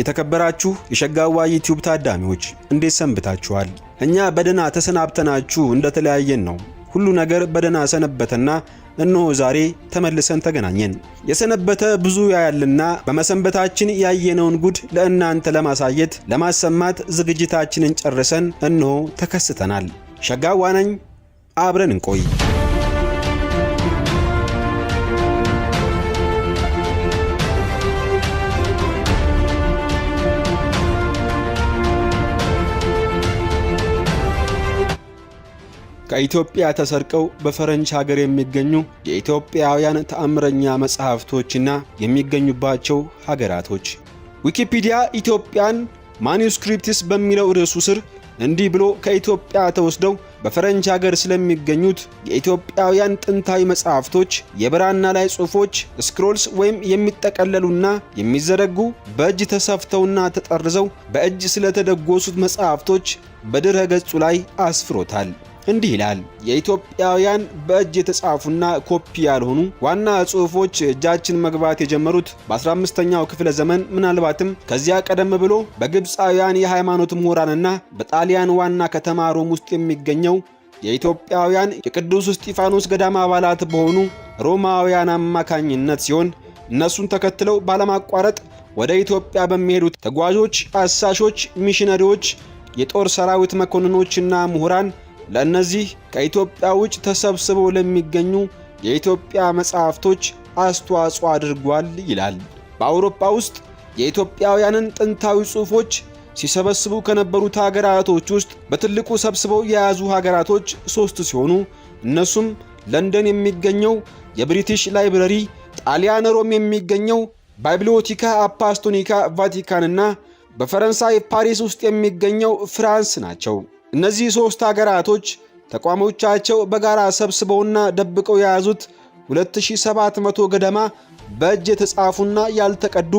የተከበራችሁ የሸጋዋ ዩቲዩብ ታዳሚዎች እንዴት ሰንብታችኋል? እኛ በደና ተሰናብተናችሁ እንደተለያየን ነው። ሁሉ ነገር በደና ሰነበተና እነሆ ዛሬ ተመልሰን ተገናኘን። የሰነበተ ብዙ ያያልና በመሰንበታችን ያየነውን ጉድ ለእናንተ ለማሳየት ለማሰማት ዝግጅታችንን ጨርሰን እነሆ ተከስተናል። ሸጋዋ ነኝ። አብረን እንቆይ። ከኢትዮጵያ ተሰርቀው በፈረንች ሀገር የሚገኙ የኢትዮጵያውያን ተአምረኛ መጽሐፍቶችና የሚገኙባቸው ሀገራቶች። ዊኪፒዲያ ኢትዮጵያን ማኒስክሪፕትስ በሚለው ርዕሱ ስር እንዲህ ብሎ ከኢትዮጵያ ተወስደው በፈረንች ሀገር ስለሚገኙት የኢትዮጵያውያን ጥንታዊ መጽሐፍቶች የብራና ላይ ጽሑፎች ስክሮልስ ወይም የሚጠቀለሉና የሚዘረጉ በእጅ ተሰፍተውና ተጠርዘው በእጅ ስለተደጎሱት መጽሐፍቶች በድረ ገጹ ላይ አስፍሮታል። እንዲህ ይላል። የኢትዮጵያውያን በእጅ የተጻፉና ኮፒ ያልሆኑ ዋና ጽሑፎች እጃችን መግባት የጀመሩት በ15ኛው ክፍለ ዘመን ምናልባትም ከዚያ ቀደም ብሎ በግብፃውያን የሃይማኖት ምሁራንና በጣሊያን ዋና ከተማ ሮም ውስጥ የሚገኘው የኢትዮጵያውያን የቅዱስ እስጢፋኖስ ገዳም አባላት በሆኑ ሮማውያን አማካኝነት ሲሆን እነሱን ተከትለው ባለማቋረጥ ወደ ኢትዮጵያ በሚሄዱት ተጓዦች፣ አሳሾች፣ ሚሽነሪዎች፣ የጦር ሰራዊት መኮንኖችና ምሁራን ለእነዚህ ከኢትዮጵያ ውጭ ተሰብስበው ለሚገኙ የኢትዮጵያ መጻሕፍቶች አስተዋጽኦ አድርጓል ይላል። በአውሮፓ ውስጥ የኢትዮጵያውያንን ጥንታዊ ጽሑፎች ሲሰበስቡ ከነበሩት ሀገራቶች ውስጥ በትልቁ ሰብስበው የያዙ ሀገራቶች ሦስት ሲሆኑ እነሱም ለንደን የሚገኘው የብሪቲሽ ላይብረሪ፣ ጣሊያን ሮም የሚገኘው ባይብሊዮቲካ አፓስቶኒካ ቫቲካንና በፈረንሳይ ፓሪስ ውስጥ የሚገኘው ፍራንስ ናቸው። እነዚህ ሦስት አገራቶች ተቋሞቻቸው በጋራ ሰብስበውና ደብቀው የያዙት 2700 ገደማ በእጅ የተጻፉና ያልተቀዱ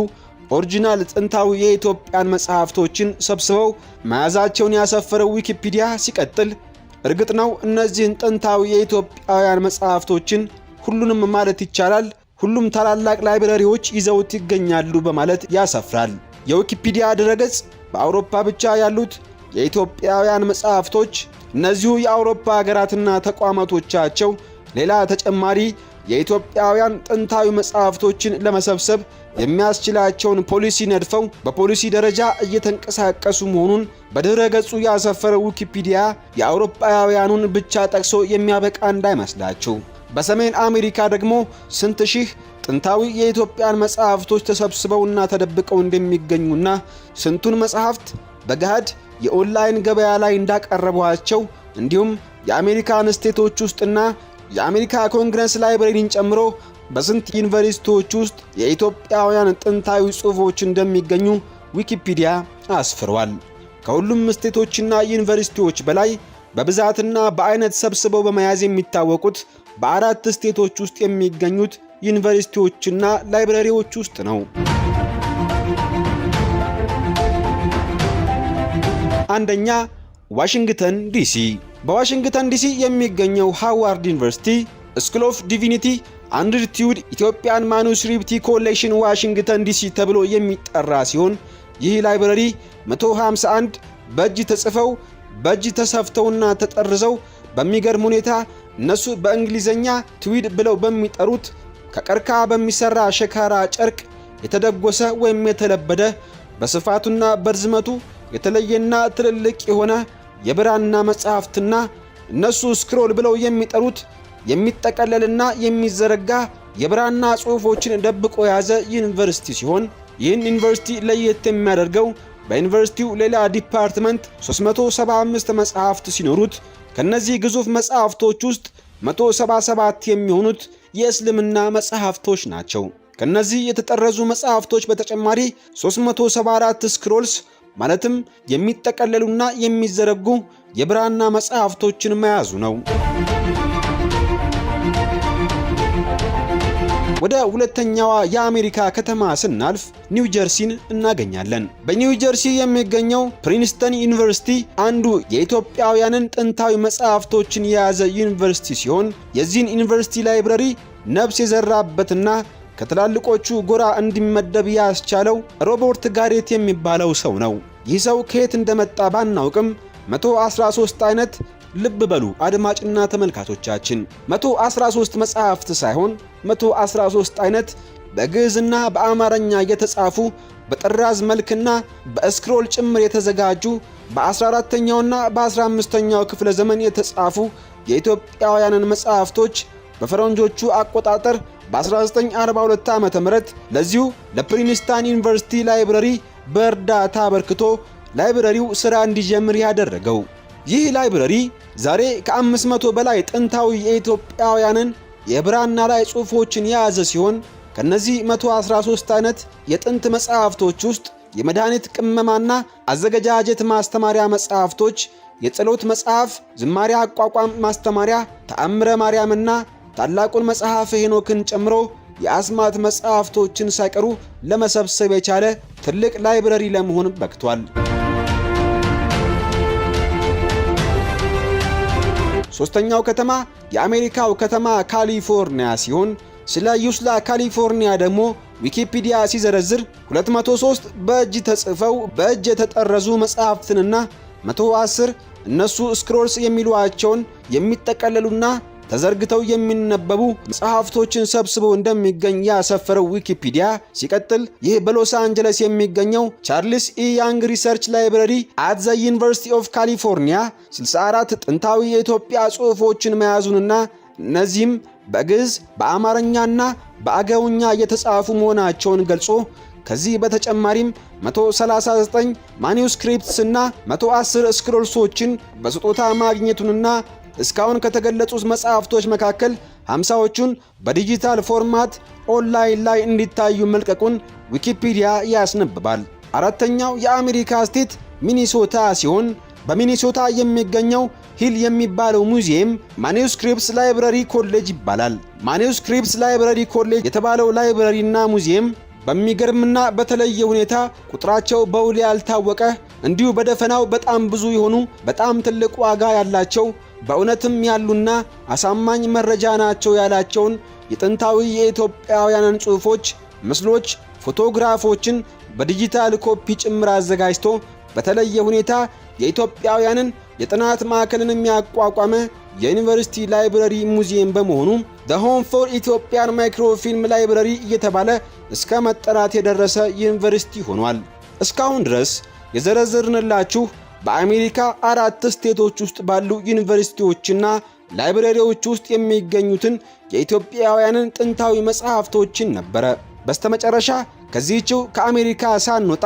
ኦሪጂናል ጥንታዊ የኢትዮጵያን መጽሐፍቶችን ሰብስበው መያዛቸውን ያሰፈረው ዊኪፒዲያ ሲቀጥል፣ እርግጥ ነው እነዚህን ጥንታዊ የኢትዮጵያውያን መጽሐፍቶችን ሁሉንም ማለት ይቻላል ሁሉም ታላላቅ ላይብረሪዎች ይዘውት ይገኛሉ በማለት ያሰፍራል። የዊኪፒዲያ ድረገጽ በአውሮፓ ብቻ ያሉት የኢትዮጵያውያን መጽሐፍቶች እነዚሁ የአውሮፓ ሀገራትና ተቋማቶቻቸው ሌላ ተጨማሪ የኢትዮጵያውያን ጥንታዊ መጽሐፍቶችን ለመሰብሰብ የሚያስችላቸውን ፖሊሲ ነድፈው በፖሊሲ ደረጃ እየተንቀሳቀሱ መሆኑን በድረ ገጹ ያሰፈረው ዊኪፒዲያ የአውሮፓውያኑን ብቻ ጠቅሶ የሚያበቃ እንዳይመስላችሁ። በሰሜን አሜሪካ ደግሞ ስንት ሺህ ጥንታዊ የኢትዮጵያን መጽሐፍቶች ተሰብስበውና ተደብቀው እንደሚገኙና ስንቱን መጽሐፍት በገሃድ የኦንላይን ገበያ ላይ እንዳቀረቧቸው እንዲሁም የአሜሪካን ስቴቶች ውስጥና የአሜሪካ ኮንግረስ ላይብረሪን ጨምሮ በስንት ዩኒቨርሲቲዎች ውስጥ የኢትዮጵያውያን ጥንታዊ ጽሑፎች እንደሚገኙ ዊኪፒዲያ አስፍሯል። ከሁሉም ስቴቶችና ዩኒቨርሲቲዎች በላይ በብዛትና በአይነት ሰብስበው በመያዝ የሚታወቁት በአራት ስቴቶች ውስጥ የሚገኙት ዩኒቨርሲቲዎችና ላይብረሪዎች ውስጥ ነው። አንደኛ ዋሽንግተን ዲሲ። በዋሽንግተን ዲሲ የሚገኘው ሃዋርድ ዩኒቨርሲቲ ስኩል ኦፍ ዲቪኒቲ አንድርቲዩድ ኢትዮጵያን ማኑስክሪፕት ኮሌክሽን ዋሽንግተን ዲሲ ተብሎ የሚጠራ ሲሆን ይህ ላይብረሪ 151 በእጅ ተጽፈው በእጅ ተሰፍተውና ተጠርዘው በሚገርም ሁኔታ እነሱ በእንግሊዘኛ ትዊድ ብለው በሚጠሩት ከቀርከሃ በሚሰራ ሸካራ ጨርቅ የተደጎሰ ወይም የተለበደ በስፋቱና በርዝመቱ የተለየና ትልልቅ የሆነ የብራና መጽሐፍትና እነሱ ስክሮል ብለው የሚጠሩት የሚጠቀለልና የሚዘረጋ የብራና ጽሑፎችን ደብቆ የያዘ ዩኒቨርሲቲ ሲሆን ይህን ዩኒቨርሲቲ ለየት የሚያደርገው በዩኒቨርሲቲው ሌላ ዲፓርትመንት 375 መጽሐፍት ሲኖሩት ከነዚህ ግዙፍ መጽሐፍቶች ውስጥ 177 የሚሆኑት የእስልምና መጽሐፍቶች ናቸው። ከነዚህ የተጠረዙ መጽሐፍቶች በተጨማሪ 374 ስክሮልስ ማለትም የሚጠቀለሉና የሚዘረጉ የብራና መጽሐፍቶችን መያዙ ነው። ወደ ሁለተኛዋ የአሜሪካ ከተማ ስናልፍ ኒው ጀርሲን እናገኛለን። በኒው ጀርሲ የሚገኘው ፕሪንስተን ዩኒቨርሲቲ አንዱ የኢትዮጵያውያንን ጥንታዊ መጽሐፍቶችን የያዘ ዩኒቨርሲቲ ሲሆን የዚህን ዩኒቨርሲቲ ላይብረሪ ነፍስ የዘራበትና ከትላልቆቹ ጎራ እንዲመደብ ያስቻለው ሮበርት ጋሬት የሚባለው ሰው ነው። ይህ ሰው ከየት እንደመጣ ባናውቅም 113 አይነት ልብ በሉ አድማጭና ተመልካቾቻችን፣ 113 መጽሐፍት ሳይሆን 113 አይነት በግዕዝና በአማርኛ የተጻፉ በጥራዝ መልክና በስክሮል ጭምር የተዘጋጁ በ 14 ኛውና በ15ተኛው ክፍለ ዘመን የተጻፉ የኢትዮጵያውያንን መጽሐፍቶች በፈረንጆቹ አቆጣጠር በ1942 ዓ ም ለዚሁ ለፕሪንስታን ዩኒቨርሲቲ ላይብረሪ በእርዳታ አበርክቶ ላይብረሪው ሥራ እንዲጀምር ያደረገው ይህ ላይብረሪ ዛሬ ከ500 በላይ ጥንታዊ የኢትዮጵያውያንን የብራና ላይ ጽሑፎችን የያዘ ሲሆን ከነዚህ 113 አይነት የጥንት መጻሕፍቶች ውስጥ የመድኃኒት ቅመማና አዘገጃጀት ማስተማሪያ መጻሕፍቶች፣ የጸሎት መጽሐፍ፣ ዝማሪያ አቋቋም ማስተማሪያ፣ ተአምረ ማርያምና ታላቁን መጽሐፍ ሄኖክን ጨምሮ የአስማት መጽሐፍቶችን ሳይቀሩ ለመሰብሰብ የቻለ ትልቅ ላይብረሪ ለመሆን በቅቷል። ሶስተኛው ከተማ የአሜሪካው ከተማ ካሊፎርኒያ ሲሆን ስለ ዩስላ ካሊፎርኒያ ደግሞ ዊኪፒዲያ ሲዘረዝር 203 በእጅ ተጽፈው በእጅ የተጠረዙ መጽሐፍትንና 110 እነሱ ስክሮልስ የሚሏቸውን የሚጠቀለሉና ተዘርግተው የሚነበቡ መጽሐፍቶችን ሰብስቦ እንደሚገኝ ያሰፈረው ዊኪፒዲያ ሲቀጥል ይህ በሎስ አንጀለስ የሚገኘው ቻርልስ ኢ ያንግ ሪሰርች ላይብረሪ አት ዘ ዩኒቨርሲቲ ኦፍ ካሊፎርኒያ 64 ጥንታዊ የኢትዮጵያ ጽሑፎችን መያዙንና እነዚህም በግዕዝ በአማርኛና በአገውኛ የተጻፉ መሆናቸውን ገልጾ ከዚህ በተጨማሪም 139 ማኒውስክሪፕትስ ና 110 ስክሮልሶችን በስጦታ ማግኘቱንና እስካሁን ከተገለጹት መጽሐፍቶች መካከል ሃምሳዎቹን በዲጂታል ፎርማት ኦንላይን ላይ እንዲታዩ መልቀቁን ዊኪፒዲያ ያስነብባል። አራተኛው የአሜሪካ ስቴት ሚኒሶታ ሲሆን በሚኒሶታ የሚገኘው ሂል የሚባለው ሙዚየም ማኒውስክሪፕትስ ላይብረሪ ኮሌጅ ይባላል። ማኒውስክሪፕትስ ላይብረሪ ኮሌጅ የተባለው ላይብረሪና ሙዚየም በሚገርምና በተለየ ሁኔታ ቁጥራቸው በውል ያልታወቀ እንዲሁ በደፈናው በጣም ብዙ የሆኑ በጣም ትልቅ ዋጋ ያላቸው በእውነትም ያሉና አሳማኝ መረጃ ናቸው ያላቸውን የጥንታዊ የኢትዮጵያውያንን ጽሑፎች፣ ምስሎች፣ ፎቶግራፎችን በዲጂታል ኮፒ ጭምር አዘጋጅቶ በተለየ ሁኔታ የኢትዮጵያውያንን የጥናት ማዕከልን የሚያቋቋመ የዩኒቨርሲቲ ላይብረሪ ሙዚየም በመሆኑ ዘ ሆም ፎር ኢትዮጵያን ማይክሮፊልም ላይብረሪ እየተባለ እስከ መጠራት የደረሰ ዩኒቨርሲቲ ሆኗል። እስካሁን ድረስ የዘረዘርንላችሁ በአሜሪካ አራት ስቴቶች ውስጥ ባሉ ዩኒቨርሲቲዎችና ላይብረሪዎች ውስጥ የሚገኙትን የኢትዮጵያውያንን ጥንታዊ መጽሐፍቶችን ነበረ። በስተመጨረሻ ከዚህችው ከአሜሪካ ሳንወጣ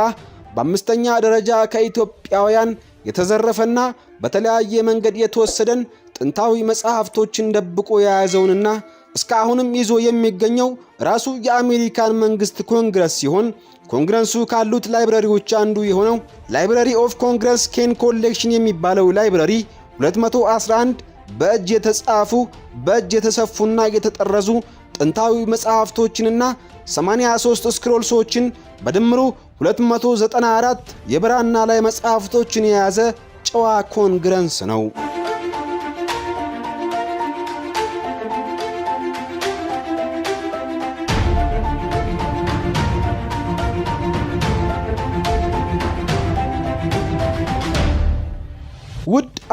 በአምስተኛ ደረጃ ከኢትዮጵያውያን የተዘረፈና በተለያየ መንገድ የተወሰደን ጥንታዊ መጽሐፍቶችን ደብቆ የያዘውንና እስከ አሁንም ይዞ የሚገኘው ራሱ የአሜሪካን መንግስት ኮንግረስ ሲሆን ኮንግረሱ ካሉት ላይብረሪዎች አንዱ የሆነው ላይብረሪ ኦፍ ኮንግረስ ኬን ኮሌክሽን የሚባለው ላይብረሪ 211 በእጅ የተጻፉ በእጅ የተሰፉና የተጠረዙ ጥንታዊ መጽሐፍቶችንና 83 ስክሮልሶችን በድምሩ 294 የብራና ላይ መጽሐፍቶችን የያዘ ጨዋ ኮንግረንስ ነው።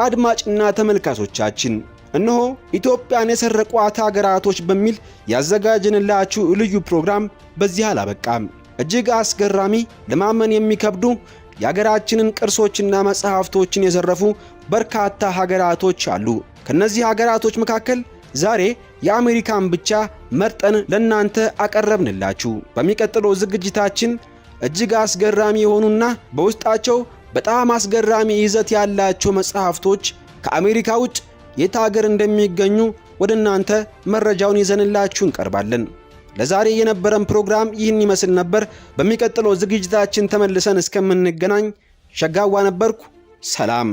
አድማጭና ተመልካቾቻችን እነሆ ኢትዮጵያን የሰረቋት ሀገራቶች በሚል ያዘጋጀንላችሁ ልዩ ፕሮግራም በዚህ አላበቃም። እጅግ አስገራሚ ለማመን የሚከብዱ የሀገራችንን ቅርሶችና መጽሐፍቶችን የዘረፉ በርካታ ሀገራቶች አሉ። ከእነዚህ ሀገራቶች መካከል ዛሬ የአሜሪካን ብቻ መርጠን ለእናንተ አቀረብንላችሁ። በሚቀጥለው ዝግጅታችን እጅግ አስገራሚ የሆኑና በውስጣቸው በጣም አስገራሚ ይዘት ያላቸው መጽሐፍቶች ከአሜሪካ ውጭ የት ሀገር እንደሚገኙ ወደ እናንተ መረጃውን ይዘንላችሁ እንቀርባለን። ለዛሬ የነበረን ፕሮግራም ይህን ይመስል ነበር። በሚቀጥለው ዝግጅታችን ተመልሰን እስከምንገናኝ ሸጋዋ ነበርኩ። ሰላም